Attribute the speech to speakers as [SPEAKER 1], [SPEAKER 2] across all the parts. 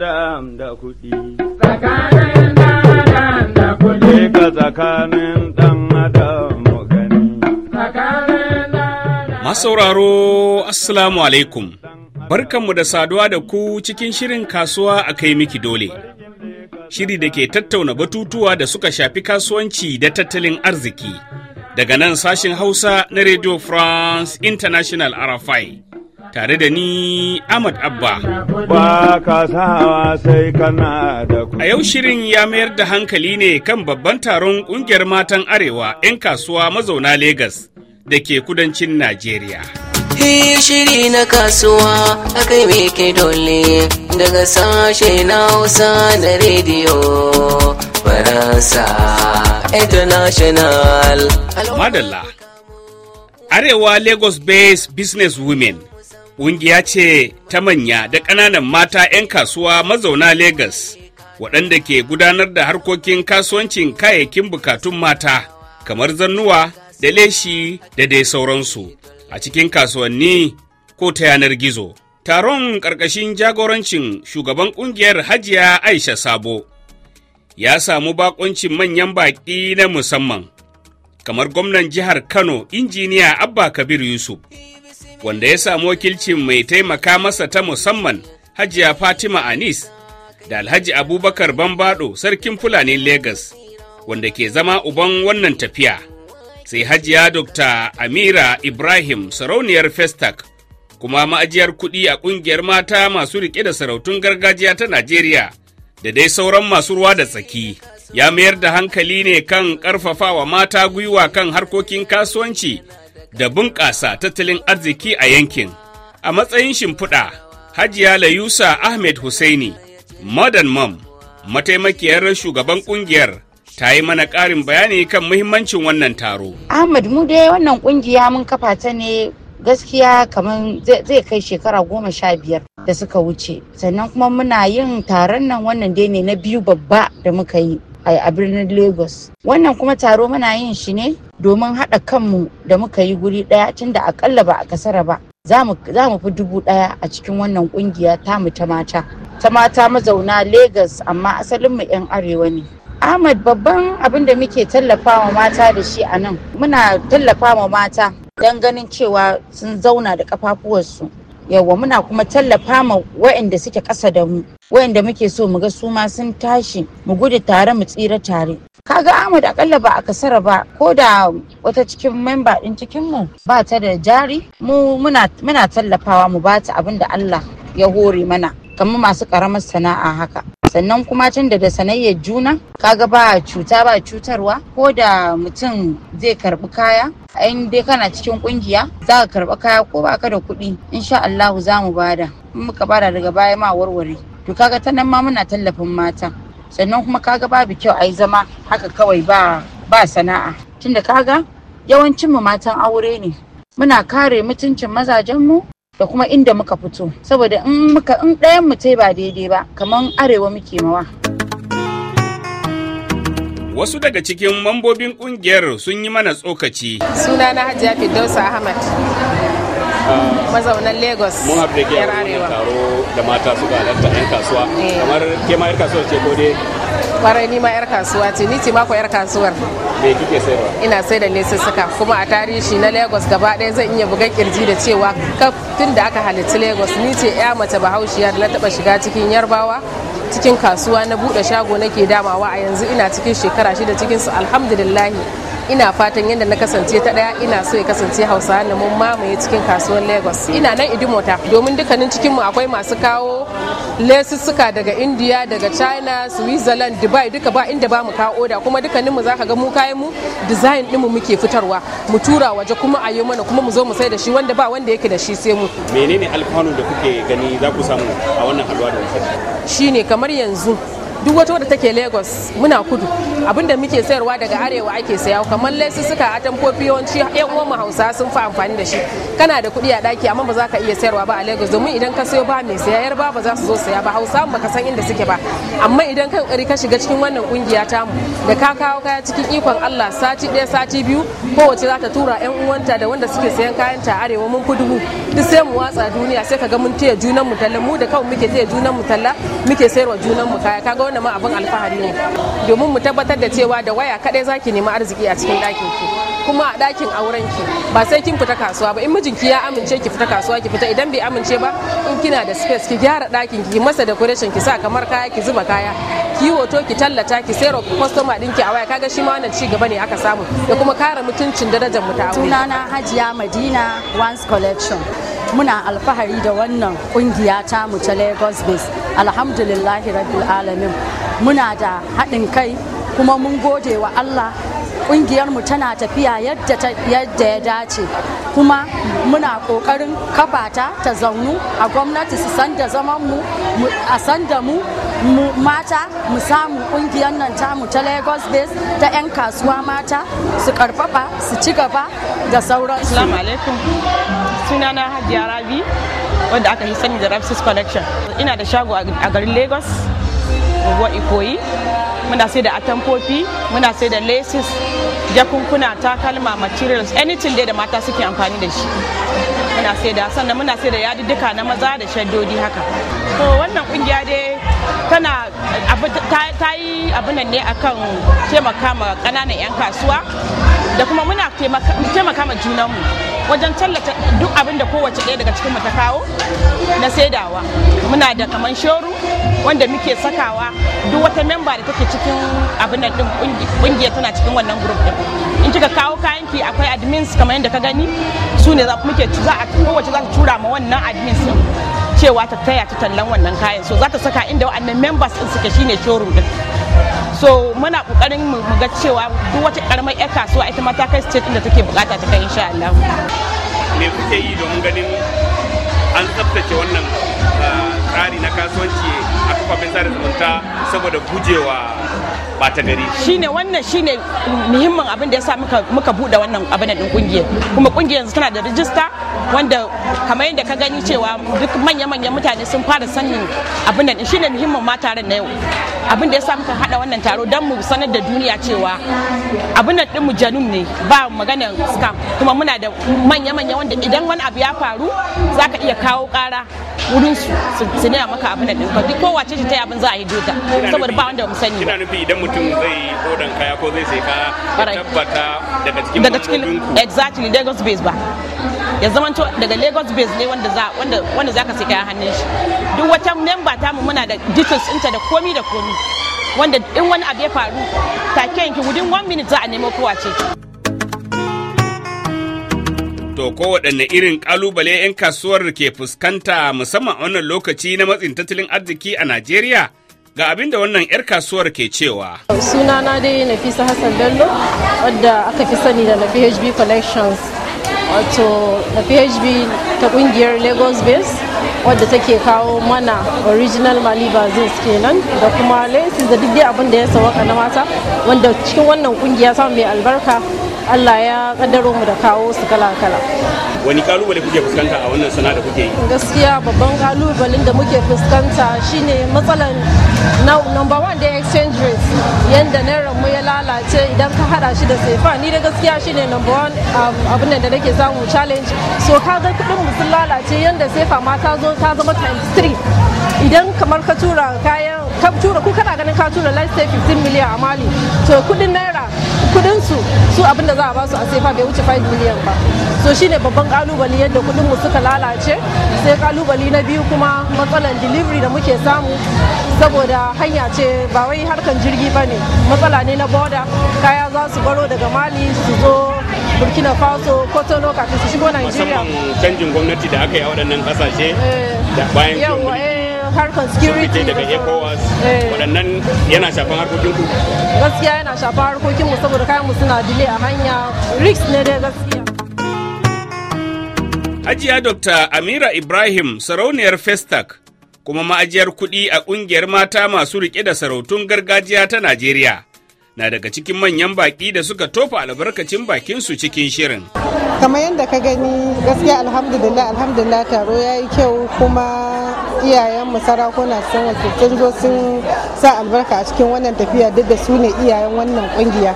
[SPEAKER 1] dam da kuɗi. Tsakanin da kuɗi. Ka tsakanin adam mu Masauraro, Assalamu alaikum. Barkanmu da saduwa da ku cikin shirin kasuwa a kai miki dole. Shiri da ke tattauna batutuwa da suka shafi kasuwanci da tattalin arziki. Daga nan sashen Hausa na Radio France International RFI. tare da ni Ahmad Abba. A yau shirin ya mayar da hankali ne kan babban taron ƙungiyar matan Arewa 'yan kasuwa mazauna Legas da ke kudancin Najeriya.
[SPEAKER 2] shiri na kasuwa a me ke dole daga sashe na hausa da rediyo
[SPEAKER 1] faransa international madalla arewa lagos based business women Ƙungiya ce ta manya da ƙananan mata 'yan kasuwa mazauna Legas, waɗanda ke gudanar da harkokin kasuwancin kayayyakin bukatun mata, kamar zannuwa, da leshi da dai sauransu, a cikin kasuwanni ko ta yanar gizo. Taron ƙarƙashin jagorancin shugaban ƙungiyar Hajiya Aisha Sabo ya samu baƙuncin manyan baƙi na musamman, kamar gwamnan jihar Kano, injiniya Abba Kabir Yusuf. wanda ya samu wakilcin mai taimaka masa ta musamman Hajiya Fatima Anis da Alhaji Abubakar Bambado Sarkin Fulani Legas wanda ke zama uban wannan tafiya. Sai Hajiya Dr. Amira Ibrahim sarauniyar Festac kuma ma'ajiyar kuɗi a ƙungiyar mata masu riƙe da sarautun gargajiya ta Najeriya da dai sauran masu ruwa da tsaki. Ya mayar da hankali ne kan ƙarfafawa mata gwiwa kan harkokin kasuwanci da bunƙasa tattalin arziki a yankin. A matsayin shimfiɗa, Hajiya Layusa Ahmed Hussaini, Modern Mom, mataimakiyar shugaban ƙungiyar, ta yi mana ƙarin bayani kan muhimmancin wannan taro.
[SPEAKER 3] Ahmed mu dai wannan ƙungiya mun kafa ta ne gaskiya kamar zai kai shekara goma sha biyar da suka wuce sannan kuma muna yin taron nan wannan dai ne na biyu babba da muka yi a birnin Lagos. Wannan kuma taro muna yin shi ne domin haɗa kanmu da muka yi guri ɗaya tunda akalla ba a kasara ba. Za mu fi dubu ɗaya a cikin wannan ƙungiya tamu ta mata. Ta mata mazauna Lagos amma asalinmu 'yan arewa ne. Ahmad babban abin da muke tallafawa mata da shi a nan muna tallafawa mata don ganin cewa sun zauna da kafafuwarsu yawa muna kuma tallafa ma waɗanda suke ƙasa da mu waɗanda muke so mu ga su ma sun tashi mu gudu tare mu tsira tare kaga Ahmad akalla ba a kasara ba ko da wata cikin memba din cikin mu ba ta da jari mu muna muna tallafawa mu ba ta abin da Allah ya hore mana kamar masu karamar sana'a haka sannan kuma tun da sanayyar juna kaga ba cuta ba cutarwa ko da mutum zai karbi kaya in dai kana cikin kungiya za ka karbi kaya ko ba ka da kuɗi insha Allahu za mu bada in muka bada daga baya ma warware to kaga ta nan ma muna tallafin mata sannan kuma kaga babu kyau a yi zama haka kawai ba ba sana'a tunda kaga yawancin mu matan aure ne muna kare mutuncin mazajen mu da kuma inda muka fito saboda in muka in ɗayan mu tai ba daidai ba kamar arewa muke mawa
[SPEAKER 1] wasu daga cikin mambobin kungiyar sun yi mana tsokaci
[SPEAKER 3] suna na hajiya firdausa ahmad
[SPEAKER 1] mazaunan lagos mun haɗu da ke taro da mata suka halarta 'yan kasuwa eh. kamar ke ma 'yan kasuwa ce ko dai
[SPEAKER 2] kwarai ni ma yar kasuwa ce ni ce mako yar kasuwar ina sai da kuma a tarihi na Lagos gaba ɗaya zan iya buga kirji da cewa kaf tun da aka halitta Lagos ni ce ya mace bahaushiya da na taba shiga cikin yarbawa cikin kasuwa na buɗe shago nake damawa a yanzu ina cikin shekara shida cikin su alhamdulillahi ina fatan yadda na kasance ta daya ina so ya kasance hausa na mun mamaye cikin kasuwar lagos ina nan idimota domin dukkanin cikin mu akwai masu kawo lesussuka daga india daga china switzerland dubai duka ba inda ba mu kawo oda kuma dukkanin mu zaka ga mu kayan mu design din mu muke fitarwa mu tura waje kuma ayo mana kuma mu zo mu sai da shi wanda ba wanda yake da shi sai mu
[SPEAKER 1] menene alfanu da kuke gani za ku samu a wannan alwa da
[SPEAKER 2] ne kamar yanzu duk wata wadda take lagos muna kudu abinda muke sayarwa daga arewa ake saya kamar suka a tamfofi yawanci yan uwan hausa sun fi amfani da shi kana da kuɗi a ɗaki amma ba za ka iya sayarwa ba a lagos domin idan ka sayo ba mai saya yar ba za su zo saya ba hausa ba ka san inda suke ba amma idan kan ka shiga cikin wannan kungiya tamu da ka kawo kaya cikin ikon allah sati ɗaya sati biyu kowace za ta tura yan uwanta da wanda suke sayan kayanta a arewa mun fi mu duk sai mu watsa duniya sai ka ga mun taya junan mu talla mu da kawai muke taya junan mu talla muke sayarwa junan mu kaya kaga wannan ma abin alfahari ne domin mu tabbatar da cewa da waya kadai zaki nemi arziki a cikin dakin ki kuma a ɗakin auren ki ba sai kin fita kasuwa ba in mijinki ya amince ki fita kasuwa ki fita idan bai amince ba in kina da space ki gyara dakin ki masa decoration ki sa kamar kaya ki zuba kaya ki yi hoto ki tallata ki sayarwa kwastoma ɗinki a waya kaga shi ma wannan ci ne aka samu da kuma kare mutuncin darajar mu sunana
[SPEAKER 3] Hajiya Madina Once Collection muna alfahari da wannan kungiya ta mu ta lagos base alhamdulillahi rabbil alamin muna da haɗin kai kuma mun gode wa allah mu tana tafiya yadda ya dace kuma muna ƙoƙarin kafa ta ta zaunu a gwamnati su san da zaman mu a san da mu mata mu samu kungiyar nan ta mu ta lagos base ta 'yan kasuwa mata su karfafa su ci gaba da sauransu.
[SPEAKER 4] sunana hajiya rabi wanda aka yi sani da rapsis collection ina da shago a garin lagos unguwar ikoyi muna sai da atamfofi muna sai da laces jakunkuna takalma materials anything dai da mata suke amfani da shi muna sai da sannan muna sai da yadiddika na maza da shaddodi haka to wannan kungiya dai tana ta yi abinan ne akan taimaka ma ƙananan 'yan kasuwa da kuma muna taimaka ma junanmu wajen tallata duk abin da kowace ɗaya daga cikinmu ta kawo na saidawa muna da kaman shoru wanda muke sakawa duk wata memba da take cikin abin da din kungiya tana cikin wannan group din in kika kawo kayanki akwai admins kamar yadda ka gani su ne muke za a kowace za ta tura ma wannan admins cewa ta taya ta tallan wannan kayan so za ta saka inda wa'annan members din suke shine showroom din so muna kokarin mu ga cewa duk wata karamar yar kasuwa ita ma ta kai state inda take bukata ta kai insha Allah
[SPEAKER 1] me kuke yi don ganin an tsaftace wannan ah, tsari na kasuwanci a kafafen sada zumunta saboda gujewa bata ta gari shine
[SPEAKER 4] wannan shine muhimmin abin da sa muka muka bude wannan abin din kungiyar kuma kungiyar yanzu tana da rijista wanda kamar yadda ka gani cewa duk manya-manyan mutane sun fara sanin abin nan shine muhimmin ma taron na yau abin da ya sa muka hada wannan taro don mu sanar da duniya cewa abin nan din mu janum ne ba maganar scam kuma muna da manya-manya wanda idan wani abu ya faru zaka iya kawo kara wurin su su ne maka abin nan din duk kowace shi ta abin za a yi dota saboda ba wanda mu sani ba mutum zai
[SPEAKER 1] odan kaya ko zai sai ka tabbata
[SPEAKER 4] daga cikin exactly lagos base ba ya zama to daga lagos base ne wanda za wanda wanda zaka sai kaya hannun shi duk wata memba ta mu muna da details inta da komi da komi wanda in wani abu ya faru take yanki within one minute za a nemo kowa ce
[SPEAKER 1] To kowaɗanne irin ƙalubale 'yan kasuwar ke fuskanta musamman a wannan lokaci na matsin tattalin arziki a Najeriya? Ga abin da wannan 'yar kasuwar ke cewa.
[SPEAKER 5] Sunana dai Nafisa Hassan Bello wadda aka fi sani da na PHB Collections. Wato na PHB ta kungiyar Lagos Base wadda take kawo mana original Mali Bazins kenan da kuma Lensis da duk abin da ya sawaka na mata wanda cikin wannan kungiya samun mai albarka Allah ya kaddaro mu da kawo su kala-kala.
[SPEAKER 1] Wani kalubale kuke fuskanta a wannan sana da kuke yi?
[SPEAKER 5] Gaskiya babban kalubalen da muke fuskanta shine matsalan number one da exchange rate yanda naira mu ya lalace idan ka hada shi da sefa ni da gaskiya shine number one um, abin da nake samu challenge so ka ga kudin mu sun lalace yanda sefa ma ta zo ta zama times 3 idan kamar ka tura kayan ka tura ku kana ganin ka tura let's say 15 million a mali to kudin naira kudin su su abinda za a ba su a sefa bai wuce 5 miliyan ba so shine babban kalubali yadda kudin mu suka lalace sai kalubali na biyu kuma matsalan delivery da muke samu saboda hanya ce ba wai harkan jirgi ba ne matsala ne na boda kaya za su baro daga mali su zo burkina faso kotono kafin su shigo nigeria
[SPEAKER 1] canjin gwamnati da aka yi a waɗannan ƙasashe da bayan
[SPEAKER 5] harkar security ECOWAS
[SPEAKER 1] eh. waɗannan yana shafan harkokin ku
[SPEAKER 5] gaskiya yana shafan harkokin mu saboda kayan mu suna delay a hanya risk ne dai gaskiya
[SPEAKER 1] Hajiya Dr. Amira Ibrahim sarauniyar Festac kuma ma'ajiyar kuɗi a ƙungiyar mata masu riƙe da sarautun gargajiya ta Najeriya. Na daga cikin manyan baƙi da suka tofa albarkacin bakinsu cikin shirin.
[SPEAKER 6] Kamar yadda ka gani gaskiya alhamdulillah alhamdulillah taro ya yi kyau kuma iyayenmu sarakuna sun wakilcin zo sun sa albarka a cikin wannan tafiya duk da su ne iyayen wannan kungiya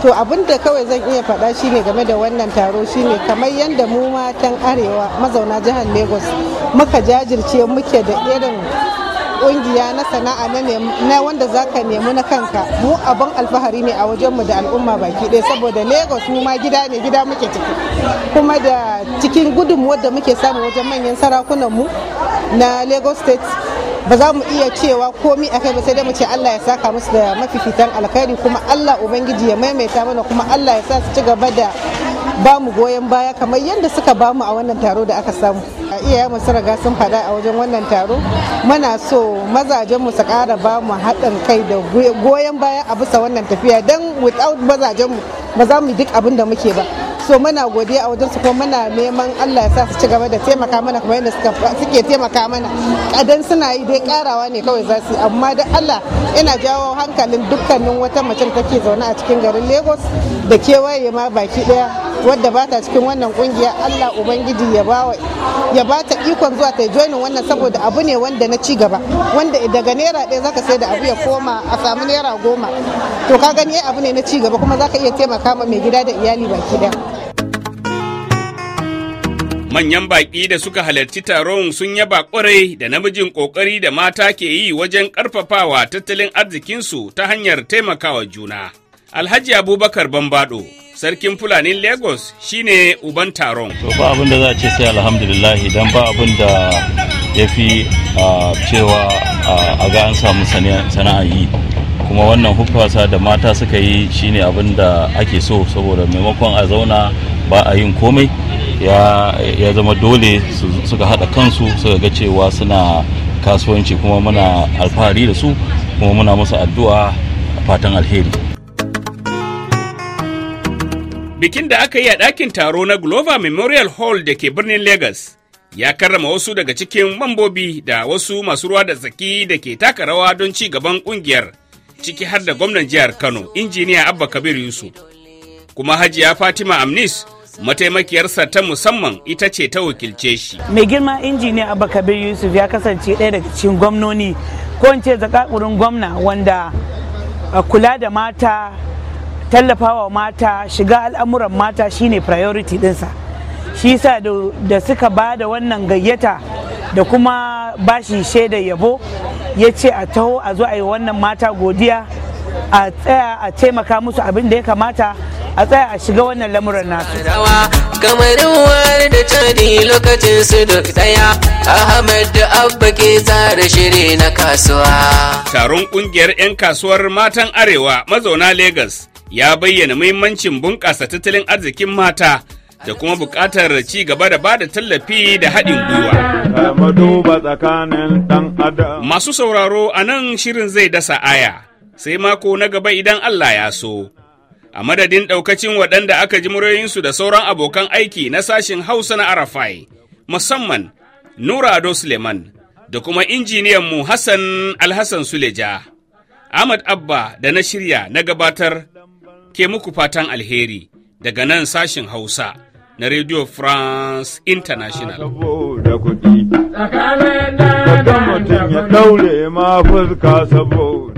[SPEAKER 6] to abin da kawai zan iya faɗa shine game da wannan taro shine kamar yadda mu matan arewa mazauna jihar lagos muka jajirce muke da irin kungiya na sana'a na wanda za ka nemi na kanka mu abin alfahari ne a wajenmu da al'umma baki ɗaya saboda lagos mu ma gida ne gida muke ciki kuma da cikin gudun wadda muke samu wajen manyan sarakunan mu na lagos state ba za mu iya cewa komi a kai ba sai dai mu ce Allah ya saka musu da mafifitan alkhairi kuma Allah ubangiji ya maimaita mana kuma Allah ya sa su ci gaba da ba mu goyon baya kamar yadda suka ba mu a wannan taro da aka samu a mu masu riga sun faɗa a wajen wannan taro muna so mazajen mu su ƙara ba mu haɗin kai da goyon baya a bisa wannan tafiya don without mazajen ba za mu duk abin da muke ba so muna godiya a wajen su kuma muna neman Allah ya sa su ci gaba da taimaka mana kuma yadda suke taimaka mana kadan suna yi dai karawa ne kawai za su amma da Allah ina jawo hankalin dukkanin wata mace da take zaune a cikin garin Lagos da kewaye ma baki daya wadda ba ta cikin wannan kungiya Allah ubangiji ya ba ya ba ta ikon zuwa ta joinin wannan saboda abu ne wanda na ci gaba wanda daga naira ɗaya zaka sai da abu ya koma a samu naira goma to ka gani abu ne na ci gaba kuma zaka iya taimaka ma mai gida da iyali baki daya
[SPEAKER 1] Manyan baƙi da suka halarci taron sun yaba ƙwarai da namijin ƙoƙari da mata ke yi wajen ƙarfafawa tattalin arzikinsu ta hanyar taimakawa juna. Alhaji Abubakar bambado. Sarkin Fulanin Lagos shine uban taron. To ba abin da za a ce sai alhamdulillah idan ba abin da ya fi cewa a ga an samu sana'a yi. kuma wannan hukwasa da mata suka yi shine abin da ake so saboda maimakon a zauna ba a yin komai ya zama dole suka haɗa kansu suka ga cewa suna kasuwanci kuma muna alfahari da su kuma muna musu addu'a fatan alheri Bikin da aka yi a ɗakin taro na Glover Memorial Hall da ke birnin Lagos ya karrama wasu daga cikin mambobi da wasu masu ruwa da tsaki da ke taka rawa don ci gaban ƙungiyar ciki har da gwamnan jihar Kano, injiniya Abba Kabir Yusuf. Kuma Hajiya Fatima Amnis mataimakiyarsa ta musamman ita ce ta wakilce
[SPEAKER 4] shi. Mai girma injiniya Abba Kabir Yusuf ya kasance ɗaya daga cikin gwamnoni ko in ce zakakurin gwamna wanda kula da mata tallafawa mata shiga al'amuran mata shine priority ɗinsa shi sa da suka ba da wannan gayyata da kuma bashi shaida yabo ya ce a taho a zo a yi wannan mata godiya a tsaya a taimaka musu abin da ya kamata a tsaya a shiga wannan lamuran nasu. da
[SPEAKER 1] lokacin na kasuwa taron kungiyar 'yan kasuwar matan arewa mazauna Legas. ya bayyana muhimmancin bunƙasa tattalin arzikin mata da kuma buƙatar ci gaba da bada tallafi da haɗin gwiwa. Masu sauraro a nan shirin zai dasa aya, sai mako na gaba idan Allah ya so. A madadin ɗaukacin waɗanda aka ji murayoyinsu da sauran abokan aiki na sashin Hausa na Arafai, musamman Nura Ado Suleiman da kuma injiniyan mu Hassan Alhassan Suleja. Ahmad Abba da na shirya na gabatar ke muku fatan alheri daga nan sashin Hausa na Radio France International. Saboda
[SPEAKER 3] kuɗi, tsakanin da mutum ya ɗaure
[SPEAKER 1] ma fuska saboda.